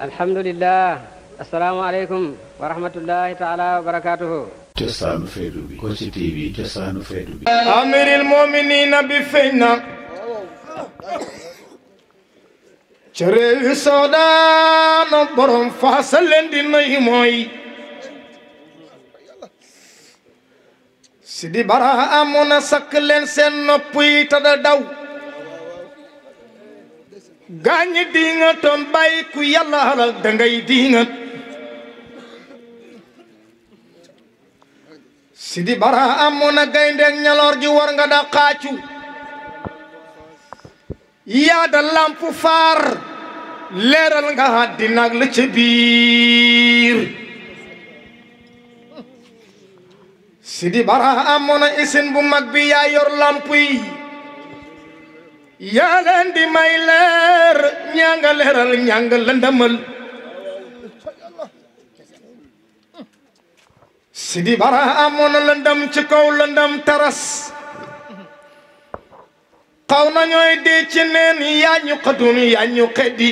alhamdulillah assalaamu aleykum wa rahmatullahi taala wa barakaatuhu cosaanu borom faasa leen di nuyu mooy Sidi Bara amoon na sakk leen seen daw gaañi diŋatoon bàyyi ku yàlla halal dangay diŋat sidi bara amoon na gayndeeg ñaloor ji war nga da xaacu yaada lamp far leeral nga àddina la ca biir sidi bara amoon na isin bu mag bi yaa yor yaa leen di may leer ñaa nga leeral ñaa nga lëndëmal Sidi Bara amoon na ci kaw lëndam taras xaw na ñooy dee ci neen yaa ñu xatun yaa ñu xeddi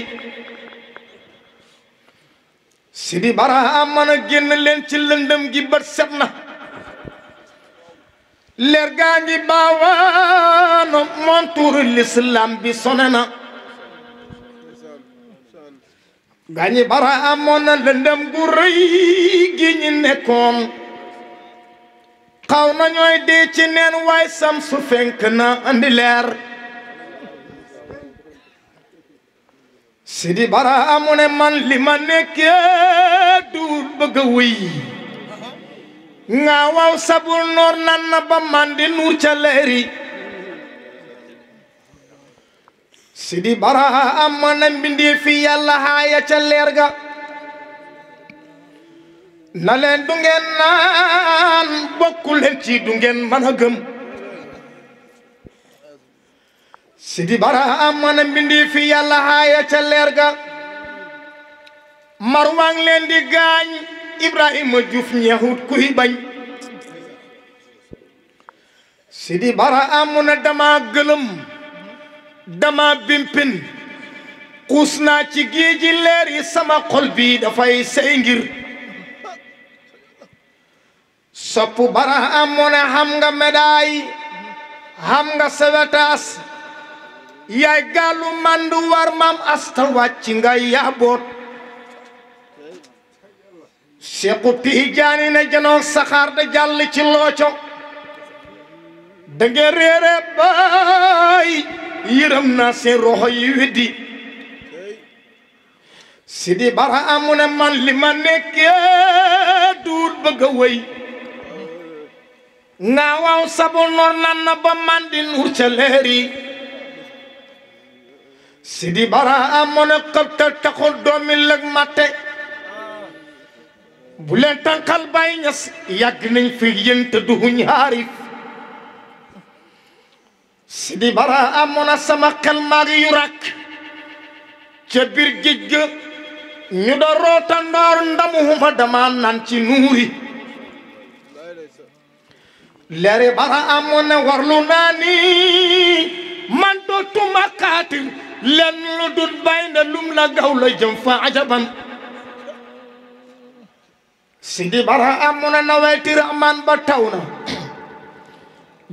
Sidi Bara amoon na génn leen ci lëndam gi bët set na ler gaa ngi baawaano montuuru l'islam bi sone na gaa ñi amoon na lëndëm gu rëy gi ñi nekkoon xaw na ñooy ci neen waay sam su fenk na andi leer sidi bara amu ne li ma nekkee du bëgg a wuy ŋaawaw sabul noor nan na ba mandi nuur ca leeri sidi baraha amma na mbindee fi haaya ca ga na leen du naan bokku leen ci du ngeen mën a gëm sidi baraha amma na mbindee fi yàlla haaya ca leer ga marwang leen di gaañ Ibrahima Diouf ñeexut kuy bañ Sidi Bara amu na dama gëlëm dama bimpin xuus naa ci géeji leer yi sama xol bi dafay say ngir sopp Bara amu na xam nga médaille xam nga sewetaas yaay gaalu mandu war maam asta wàcc nga yaaboot seexu tiijaani ne janoo saxaar da jàll ci looco da ngeen réere baay yërëm naa seen roxo yi weddi sidi bara amu ne man li ma nekkee duut bëgg a wëy sabu noor na ba man di nuur ca leer yi bara amu ne xëptal taxul doomi lëg matte bu leen tànqal Baay Ñas yàgg nañ fi yéen te duhuñ xaarif si di bara amoon na sama xel yu ràkk ca biir géej ga ñu da roota ndoor ndamuhuma dama naan ci nuuri leere bara amoon na warlu naa ni man dootuma xaatir lenn lu dut bàyyi na lum la gaw jëm fa ajaban sidi bara am mu na naweeti rahmaan ba taw na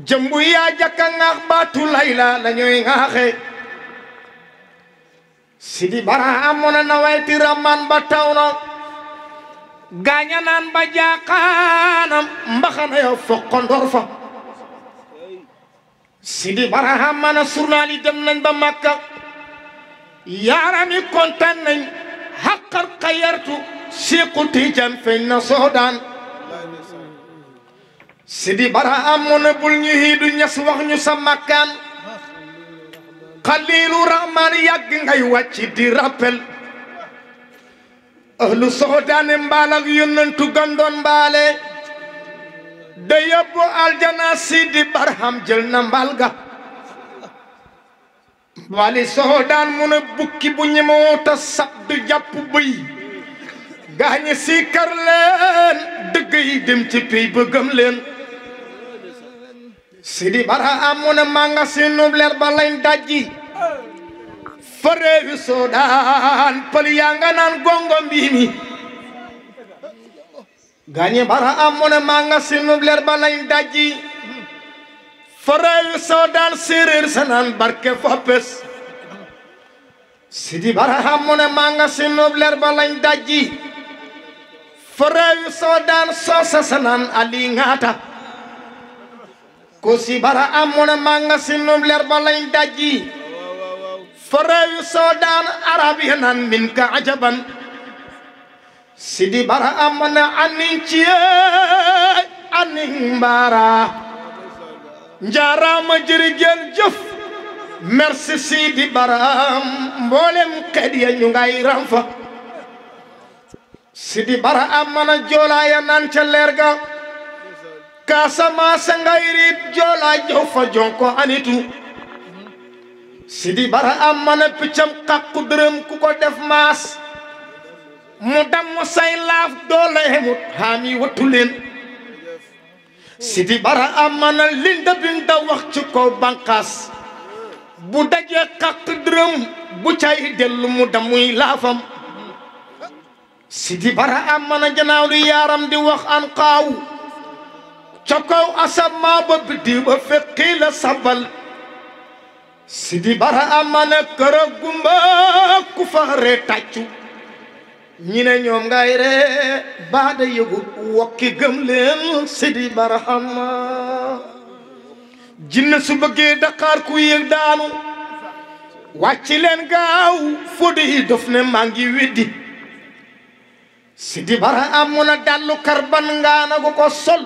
jëmbu yaa jakka ŋaax baatu layla la ñuy ŋaaxe sidi bara am mu na naweeti rahmaan ba taw na gaaña naan ba jaakaanam mbaxana yo foqondor fa sidi bara am mana surnaal dem nañ ba makka yaarami kontaan nañ xaqar xayartu Cheikh Tidiane feeñ na Soodaan Sidi Barham mu ne bul ñu hiidu ñas wax sa makkaan Xaliilu Rahmaan yàgg ngay wàcc di rappel ahlu Soodaane mbaal ak yónnantu gandoon mbaale da yóbbu aljana Sidi Barham jël na mbaal ga wali Soodaan mu ne bukki bu ñemoo ta sab du jàpp bëy gañ ñi siikar leen yi dem ci pi beugam len sidi bara amoon manga sinu ler si ba lañ dajji fere réewi soodaan pal ya nga nan gongo mbii mi gaa bara amoon manga sinu ler ba lañ dajji fere réewi soodaan sirir sanan barke fopes sidi bara amoon manga sinu ler ba lañ dajji forewi sodan so sasanan ali ngata bara amun manga sinum ler balay daji forewi sodan Arabianan nan min ka ajaban sidi bara amun anin cie anin bara njarama jirigel jëf merci sidi bara mbolem kadiya ñu ngay ramfa sidi bara am man a ya naan ca leer ga kaasamaas ngay jow fa jonko anitu sidi bara am man piccam xaqu dërëm ku ko def maas mu damm say laaf doole hemut haami wattu leen sidi bara am man linda binda wax ci kaw bu dajee xaq dërëm bu cay dellu mu damuy laafam sidi bara am mën janaaw li yaaram di wax an xaaw ca kaw asamaa ba biddi ba fekki la sabal sidi bara am mën a kër a fa ree tàccu ñi ne ñoom ngay ree baada yëgut wokki gëm leen sidi bara am jinne su bëggee daqaar ku yëg daanu wàcci leen gaaw fodi dof ne maa ngi weddi sidi bara am mun dallu karban ngaanagu ko sol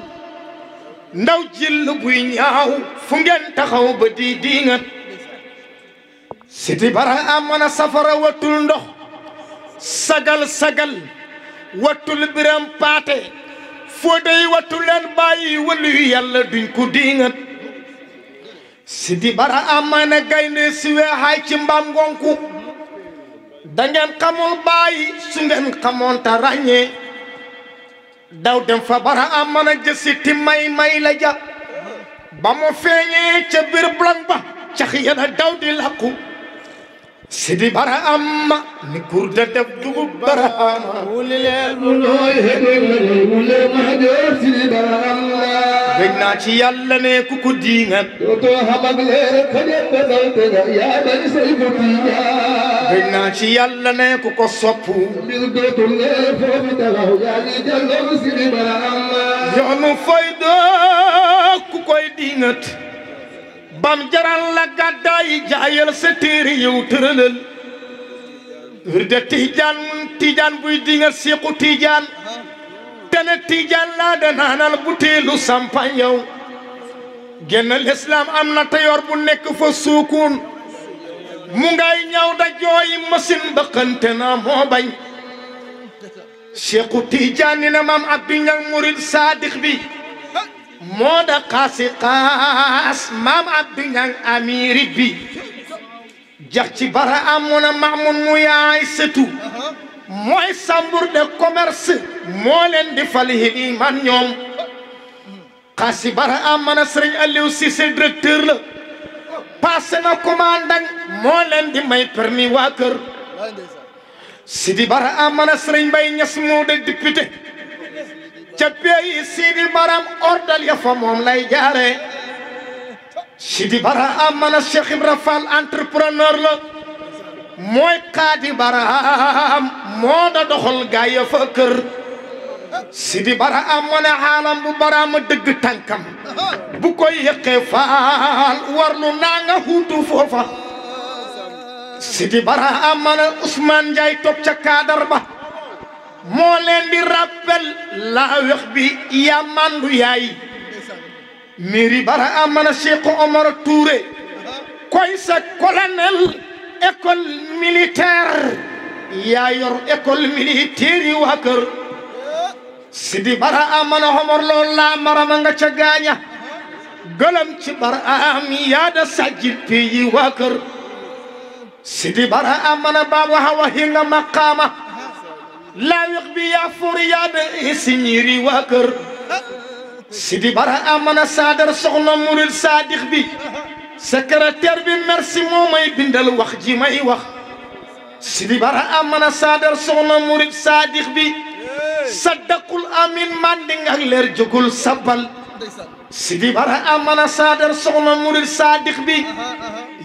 ndaw jill buy ñaaw fu ngeen taxaw ba di diingat sidi bara am mun safara wattul ndox sagal-sagal wattul biram paate foo dey wattu leen bàyyi wëluyu yàlla duñ ko diingat sidi bara am na gaynde siwe hay ci mbaam ngonku da ngeen xamul bàyyi su ngeen xamoon te ràññee daw fa bara am mën a jësiti may may la ja ba mu feeñee ca biir blan ba cax yéen a daw di bara am ni kur def dugub bara am wulileel mu nooy wule ma joor sidi bara am gëj naa ci yàlla ne ku ko diingan dootoo xam ak leer ka ñëpp ba daw te yaa bari say ko gëj naa ci yàlla ne ku ko soppu. biir dootul ne foofu koy diinat. bam jaral la gàddaay jaayal sa téere yow tëralal. wirde tijaan tijaan buy diingat seeku tijaan. te ne tijaan laa danaanal butéelu sampañ yow. génn lislaam am na tayoor bu nekk fa suukun. mu ngay ñaw da jooy masin bëqante na moo bañ Cheikhu Tijaani ne maam abdi ñang murid saadiq bi moo da xaasi xaas maam abdi ñang amiri bi jax ci bara amoon na maamun mu yaay sëtu mooy sambur de commerce moo leen di fal hili ñoom xaasi bara am man a sëriñ Aliou Cissé directeur la passé na commandant moo leen di may permis waa kër Sidi Bara amana Serigne Mbaye Niass moo de député ca pays Sidi Baram ordal ya fa moom lay jaare Sidi Bara amana Cheikh Ibra Fall entrepreneur la mooy Kadi Bara moo da doxal gaay fa kër sidi bara am mone xaalam bu baraama dëgg tànkam bu koy yëqee faal warlu naa nga huutu foofa sidi bara am mone Ousmane Ndiaye toog ca kaadar ba moo leen di rappel laa bi yaa mandu yaay mairie bara am mone Cheikh Omar Touré koy sa colonel école militaire yaa yor école waa kër sidi baraam mana homor lool laamarama nga ca gaaña gëlëm ci baraam yaada sajjil peeyi waa kër sidi baraam mana baabu hawa hinga maqaama laawiq bi yaa furi yaada isiñiiri waa kër sidi baraam mana saadar soxna muril saadiq bi secrétaire bi merci moo may bindal wax ji may wax sidi baraam mana saadar soxna muril saadiq bi sa dakkul amin manding sidi bara amana sadar soxna murid sadiq bi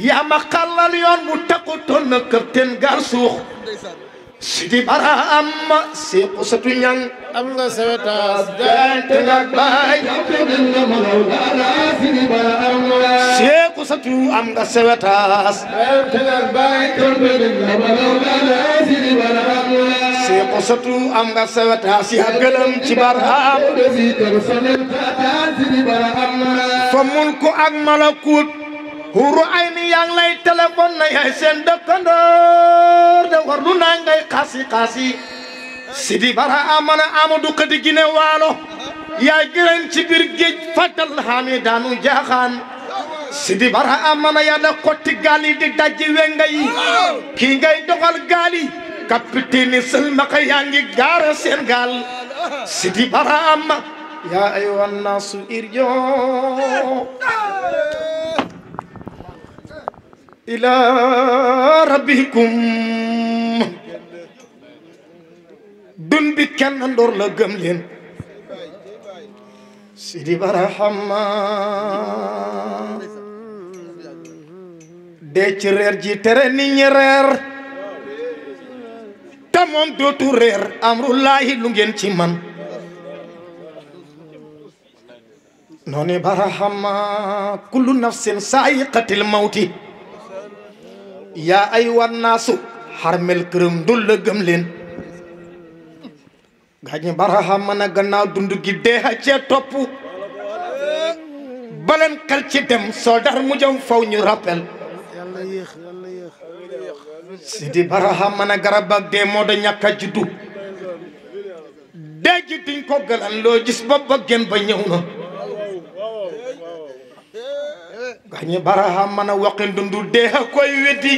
yaa ma xàllal yoon bu takkutoon na këpteen gaar suux sidi bara amma si xusatu ñang am nga sewetaas dente nga baay si xusatu am nga sewetaas Cheikh Ousseynou am nga sawet ha si gëlëm ci barham fa ko ak malakut huru ay ni yaa ngi na yaay seen dëkkandoor de war lu naa ngay xaasi xaasi sidi barham mana Amadou Kadi Guinée Waalo yaay gërëm ci biir géej fàttal xaami daanu jaaxaan sidi barham mana yaa kotti gaal di dajji wenga kii ngay doxal gaal kapitaine sëlmaxa yaa ngi seen gaal sidi baraama yaa ayyuhan naasu irjo ila rabbikum dun bi kenn ndoor la gëm leen sidi baraama dee ci reer ji tere nit ñi yàlla moom dootu réer amrullahi lu ngeen ci man noonu barahama kullu nafsin saayiqatil mawti yaa ay wannaasu xarmel këram dul la gëm leen gaañi barahama a gannaaw dund gi dee a cee topp baleen xel ci dem soldar mu jëm faw ñu rappel yàlla yéex yàlla yéex Sidi Barham da ñàkk a juddu dee diñ ko galan loo gis ba bëggeen ba ñëw na gañi Barham man a waqi dee a koy weddi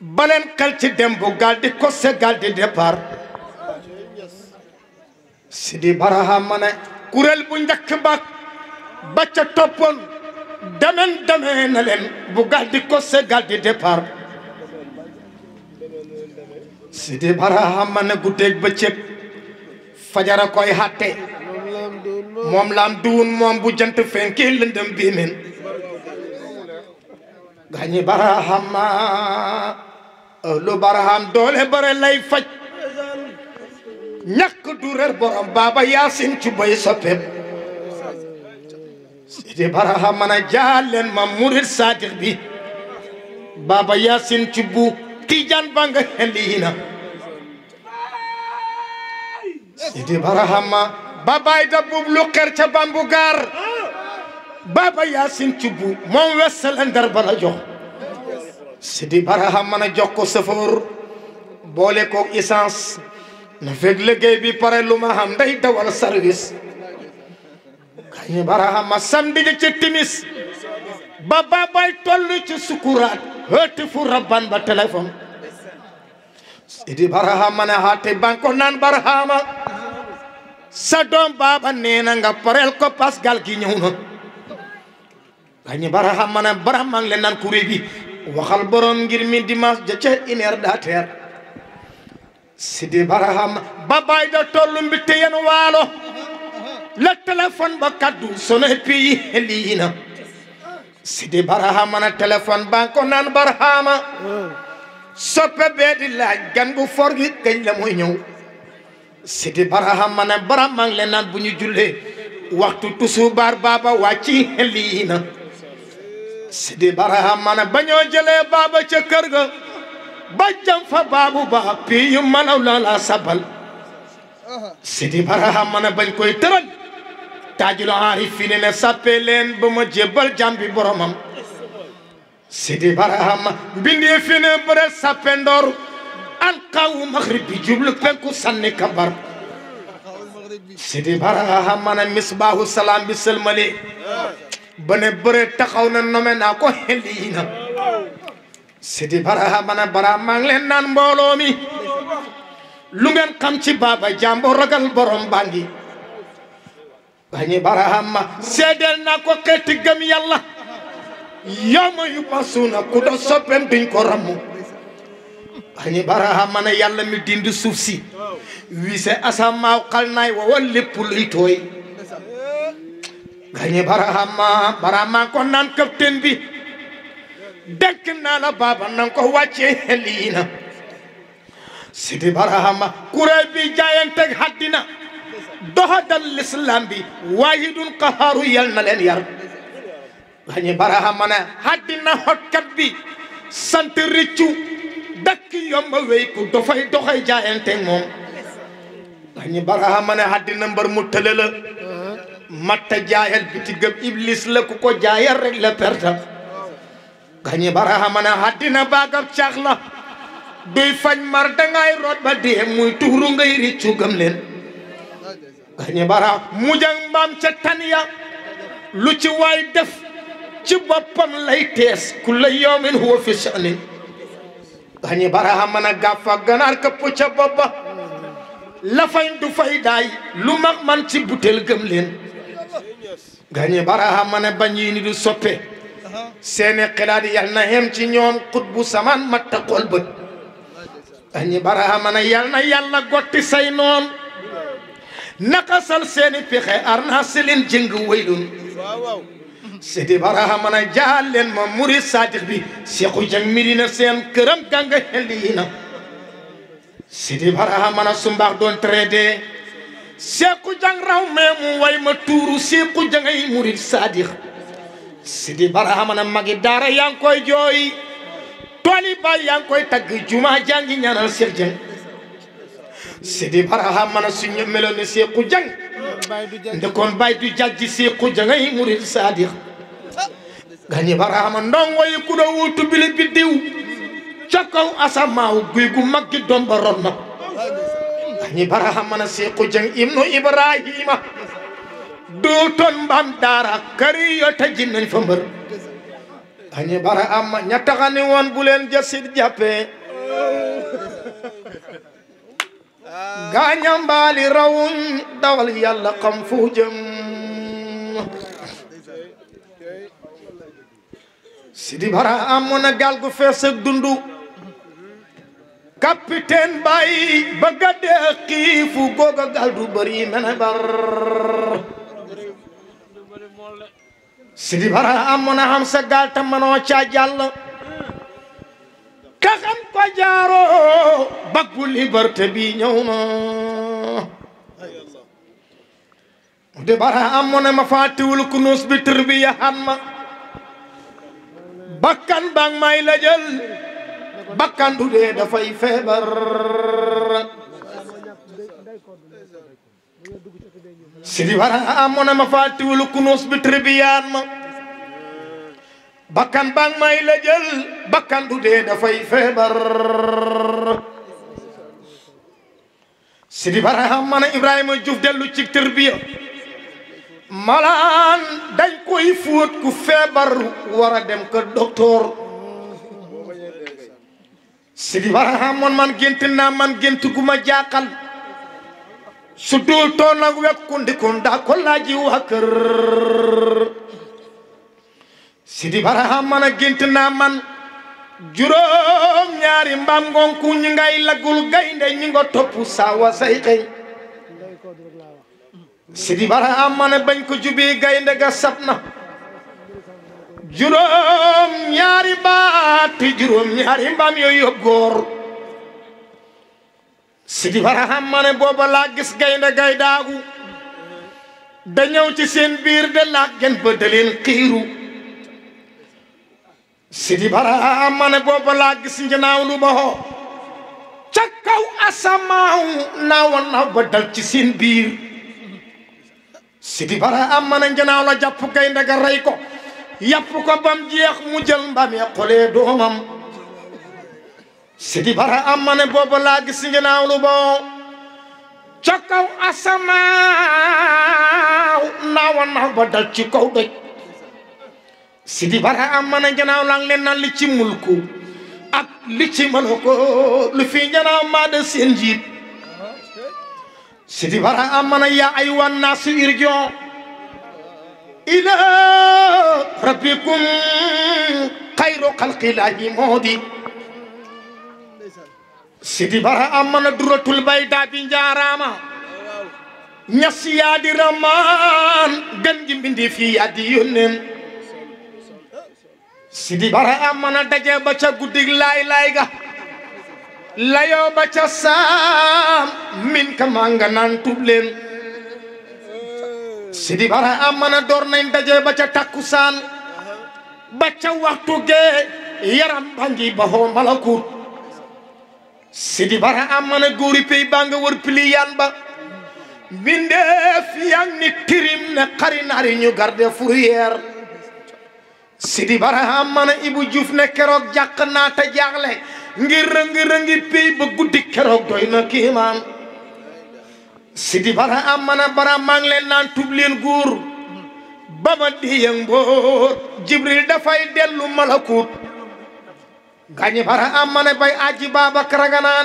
baleen xel ci dem bu gaal di ko se di départ Sidi Barham man a kuréel bu njëkk ba ba toppoon demen demee len bu galdi ko se galdi départ Sidi Barahama ne guddeeg bëccëg fajara koy hatte mom lam duun mom bu jant fenke lendem bi men gani gañi Barahama lu Baraham dole bare lay fajj ñak du reer borom baba yasin ci bay soppeem Sidi Baraha man a jaal leen ma murit saadiq bi Baba Yaasin ci bu Tijaan ba nga xeliina Sidi Baraha ma babaay da bub lu ca bambu gaar Baba Yaasin ci bu moom wesalen dar bara jox Sidi Baraha man a jox ko safoor boole ko essence na fekk liggéey bi pare lu ma xam nday dawal service kañ barahama samedi ci timis ba babay toll ci sukuraat hëtti fu rabban ba téléphone sidi barahama ne haati banko naan barahama sa doom baaba nee nga pareel ko pasgal gi ñëw na kañ barahama ne barahama le naan kuré bi waxal borom ngir mi dimanche ja ca une heure daa teer sidi barahama da toll mbi yen waalo la téléphone ba kaddu sonné puis lii na Sidi Barahama na téléphone ba ko naan Barahama soppe bee di laaj gan gu for gi kañ la muy ñëw Sidi Barahama na Barahama ngi leen naan bu ñu jullee waxtu tusubaar baaba wàcci lii na Sidi Barahama na ba ñoo baaba ca kër ga ba jam baabu ba pii yu manaw la la sabal sidi baraxam mën a bañ koy tëral taajul aarifine ne sàppee leen ba ma jébbal jàmm bi boromam sidi baraxam mbindee fi ne bëre sàppe ndoor alqaawu maghrib bi jublu penku sànni kambar sidi baraxam mën a misbaahu salaam bi sëlmale ba ne bëre taxaw na nome naa ko xelli yi na sidi baraxam mën a bara maa ngi naan mbooloo lu ngeen xam ci baaba jàmbo ragal borom baa ngi bañi barahama seedeel naa ko xeeti gëm yàlla yaama yu basuuna ku do soppeem duñ ko rammu bañi barahama ne yàlla mi dindi suuf si wiise asamaaw xal naay wawal lépp luy tooy gañi barahama barahama ko naan kapten bi dekk naa la baaba nan ko wàccee xel yi na sidi barahama kuréel bi jaayanteeg haddina doxadal l'islam bi waahidun qahaaru yal na leen yar lañu barahama ne haddina hotkat bi sant rëccu dakk yomba wéyku dafay doxay jaayanteeg moom lañu barahama ne haddina mbar mu tële la matta jaayal biti gëm iblis la ku ko jaayal rek la perte gañi barahama ne haddina baagab caax la duy fañ mar dangay root ba dee muy tuuru ngay riccu gëm gañe bara mujang mbaam ca tan ya lu ci waay def ci boppam lay tees ku la yawmin huwa fi sha'nin gañe bara mën a gàffa ganaar këpp ca bopp ba la du fay daay lu mag man ci butel gëm leen gañe bara mën a bañ yi ni du soppe seeni xelaat yal na hem ci ñoom xut bu samaan matta xool bët añi barahama na yal na yàlla gotti say noon naqasal seeni pexe ar arna selin jëng waylun sidi barahama na jaal leen ma murid sadiq bi seexu jang mirina seen këram ganga helliina sidi barahama na sumbax doon traité seexu jang raw mee mu way ma tuuru seexu jangay murid sadiq sidi barahama na magi daara koy jooy tooli baay yaa ngi koy tagg juma jaa ngi ñaanal Cheikh Dieng Sidi Baraha man a suñu meloon ne Cheikhou Dieng ndekoon baay du jajji Cheikhou Dieng ay murid sadiq ndongo yi ku doon wuutu bili biddiw ca kaw asamaaw guy gu mag doom ba ron na gani Baraha man a Cheikhou Dieng ibnu Ibrahima dootoon mbaam daara kari yoo tëjji fa mbër añi bara amma ña taxani bu leen jasit jàppe gaaña mbaali rawuñ dawal yàlla xam fu jëm sidi bara am na gaal gu fees dundu capitaine bàyyi bëgg a xiifu googa gaal du bëri mene bar sidi bara am mun a xam sa gaal te mënoo ko jaaroo bag bu liberté bi ñëw na di bara am mu ma faatiwul kunus bi tur bi yaxan ma bakkan bang may la bakkan du dee dafay feebar sidi wara ah, ah, am na ma fàttiwul kunuus bi tribiyaan ma bakkan bang may la jël bakkan du dee dafay feebar sidi wara am ah, na ibrahima juuf dellu ci tarbiya malaan dañ koy fóot ku feebar war a dem ka docteur sidi wara am man gént man gént gu ma sudul to nag wekkundi kunda kollaaji wakër sidi baraham man a gént naa man juróom ñaari mbaam ngonku ñi ngay laggul gaynde ñi nga topp saawa say xëy sidi baraham man a bañ ko jubi gaynde ga sab na juróom ñaari baat juróom ñaari mbaam yooyu yóbbu góor sidi baraxam ma ne booba laa gis gaynde gay daagu da ñëw ci seen biir de laak gen ba da leen xiiru baraxam ma ne booba laa gis njanaaw lu ba xoo ca kaw asamaaw naawa naaw ba ci seen biir sidi baraxam ma ne njanaaw la jàpp gaynde ga rey ko yàpp ko bam jeex mu jël mbamee xolee doomam sidi bara ammane booba laa gis lu boo ca asamaaw naawa naaw ba dal ci kaw doj sidi bara ammane nginaaw lang leen nan li ci mulku ak li ci maloko lu fi nginaaw maa de seen njiit sidi bara ammane yaa ay wan naasu irjon ila rabbikum xayru xalqilaahi moo sidi bara amana duratul bayda bi njaaraama ñas yaa di ramaan gën gi mbindi fii addi bara amana daje ba ca guddig laay laay ga layoo ba ca saam min ka maa nga naan tubleen sidi bara amana door nañ daje ba ca takkusaan ba waxtu gee yaram ba hoo malakuut sidi bara am man a góori pey baa nga wër pili yaan ba mbindeef yaa ni tirim ne xari nari ñu garde fourrière sidi bara am a ibu juuf ne keroog jàq naata jaaxle ngir rëngi rëngi pey ba guddi keroog doy na kiimaan sidi bara am bara maa leen naan tub leen ba ma diyang mbóor jibril dafay dellu malakuut gañi bara amane bay aji Babacar nga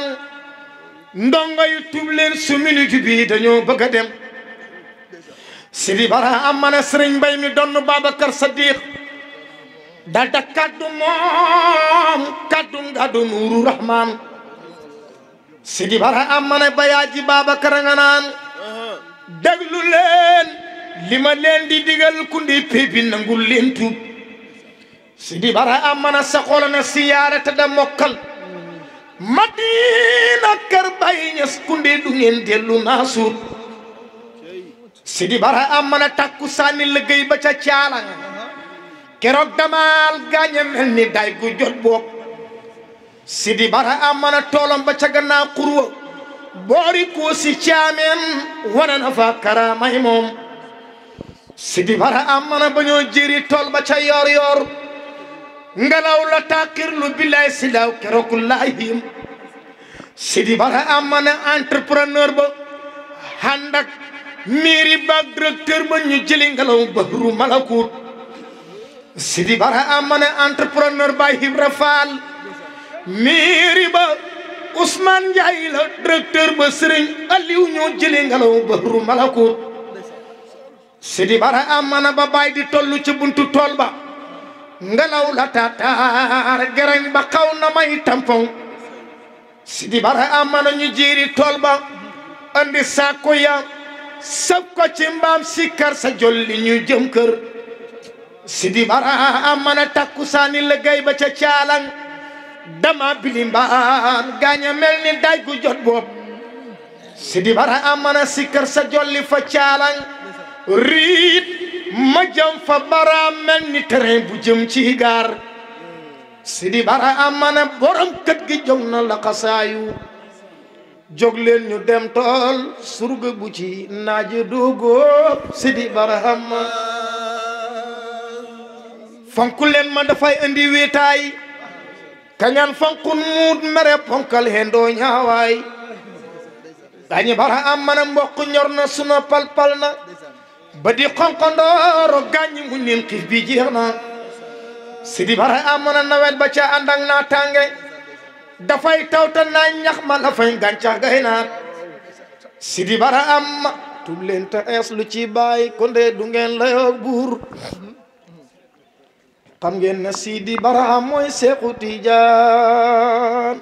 ndongo yu tub leen su minute bi dañoo bëgg a dem sidi bara amane sëriñ mbay mi donn Babacar Saddiq dal da kaddu moom kaddu ngadu nuuru rahman sidi bara amane bay aji Babacar nga naan leen li ma leen di digal ku ndi pébi nangul leen tub sidi bara a mana saxola na siyaare te da mokkal madina kër Baay Ñas kunde du ngeen dellu naa suur sidi bara a mana takku saani liggéey ba ca caala keroog damaal gaañe mel ni day gu jot boog sidi bara a mana toolam ba ca gannaaw xurwa boori koosi caameen wana na fa karaamay moom sidi bara a mana ba tool ba ca yor yor ngelaw la tàkkirlu billaay si daaw keroog laay yim Sidi Bara amane entrepreneur ba ànd ak mairie ba directeur ba ñu jëli ngelaw Bahru Malakuut Sidi Bara amane entrepreneur ba Ibra Faal mairie ba Ousmane Ndiaye la ba Sëriñ Aliou ñoo jëli ngelaw Bahru Malakuut Sidi Bara amane ba bay di tollu ci buntu tool ba ngelaw la tataar gereñ ba xaw na may tampon Sidi Bara amana ñu jiiri tool ba andi saako sëb ko ci sikkar sa jolli ñu jëm kër Sidi Bara amana takku saani liggéey ba ca caalan dama bili mbaan gaaña ni daaj gu jot boob Sidi Bara amana sikkar sa jolli fa caalan riit ma jëm fa bara mel ni terrain bu jëm ci gaar sidi bara amana borom kët gi jóg na la xasaayu leen ñu dem tool surga bu ci naaje doogóob sidi bara amma fonk leen ma dafay indi wéetaay kañaan fonkun muut mere ponkal hendoo ñaawaay dañu bara amana mbokk ñor na suna palpal na ba di xonqondooro gàññi mu leen xiif bi jeex na Sidi Bara amoon na nawet ba ca ànd ak naa tànge dafay tawta naa ñax ma la fay gàncax gay naat Sidi Bara am ma tub leen te ees lu ci bàyyi ko ndee du ngeen layoo buur xam ngeen ne Sidi Bara am mooy Seexu Tijaan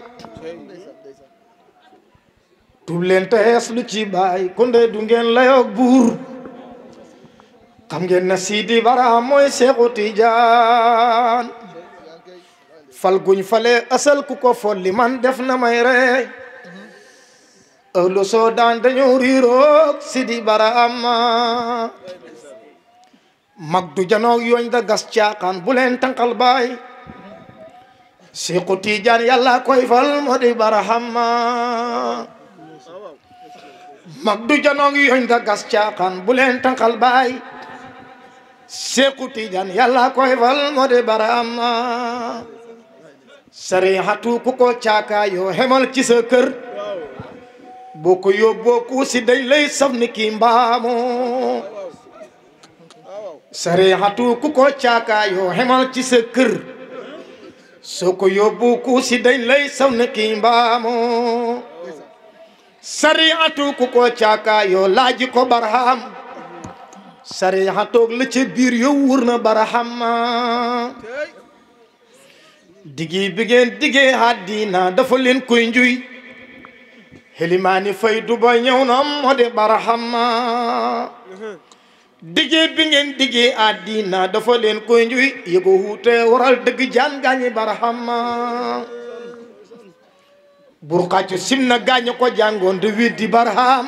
tub ees lu ci bàyyi ko ndee du ngeen layoo buur xam ngeen na Sidi Bara mooy Seexu Tijaan fal guñ fale asal ku ko folli man def na may rey ëllu soo daan dañu riiroog Sidi Bara ama mag du janoog yooñ da gas caaxaan bu leen tànqal baay Seexu Tijaan yàlla koy fal moo di barahama mag du janoog yooñ da gas caaxaan bu leen tànqal baay Seexu Tijaan yàlla koy fal moo di baraama sarihatu ku ko caaka yoo xemal ci sa kër boo ko yóbboo ku si day lay saf ni kii mbaamu sarihatu ku ko caaka yoo xemal ci sa kër soo ko yóbbu ku si day lay saf ni kii mbaamu sarihatu ku ko caaka yoo laaji ko baraam sariixa toog la ca biir yow wër na baraxama digi bi ngeen digee àddina dafa leen koy njuy xelimaani fay duba ñëw na moo de baraxama digee bi ngeen digee àddina dafa leen koy njuy yëgo wuute waral dëgg jaan gaañi baraxama burxaacu sim na gaañu ko jàngoon de weddi baraxam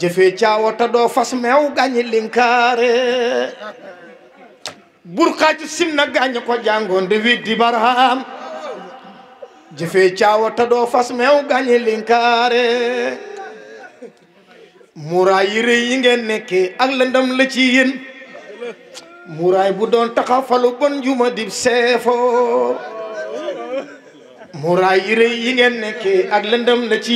jëfee caawata doo fas meew gàññi linkaare burxaaju simna gàññi ko jàngoon di widdi baraham jëfee caawata doo fas meew gàññi linkaare muraay yi rëy yi ngeen nekkee ak lëndam la ci yéen muraay bu doon taxaw falu bon juma dib seefoo muraay yi rëy yi ngeen nekkee ak lëndam la ci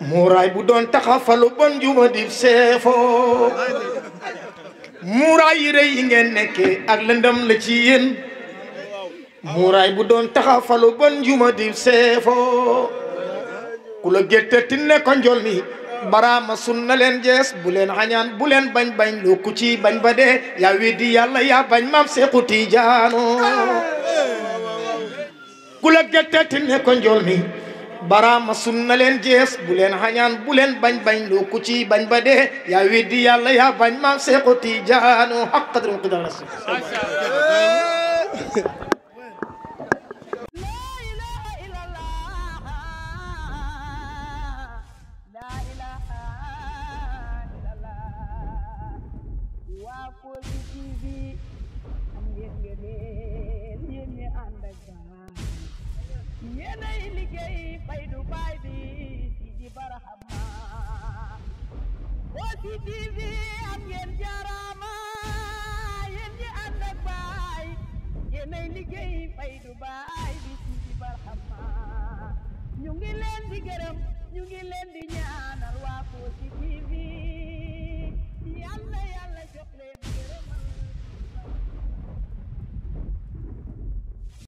muuraay bu doon taxa bon juma dib sefo muuraay yi rëy yi ngeen nekkee ak lendam la ci yéen muuraay bu doon taxa bon juma dib sefo ku la géttati ne ko njol mi baraama sun na leen jees bu leen xañaan bu leen bañ bañ lu ku ci bañ ba dee yaa weddi yàlla yaa bañ maam Seexu Tijaano ku la géttati ne ko njol mi baraama sun na leen jees bu leen xañaan bu leen bañ bañ loo ku ci bañ ba dee yaa weddi yàlla yaa bañ maam seexu tijaanu xaq qadru qadra yéenay liggéey Faydu Baay bi Sidi ñu ngi leen di gërëm ñu ngi leen di ñaanal waa Kossy TV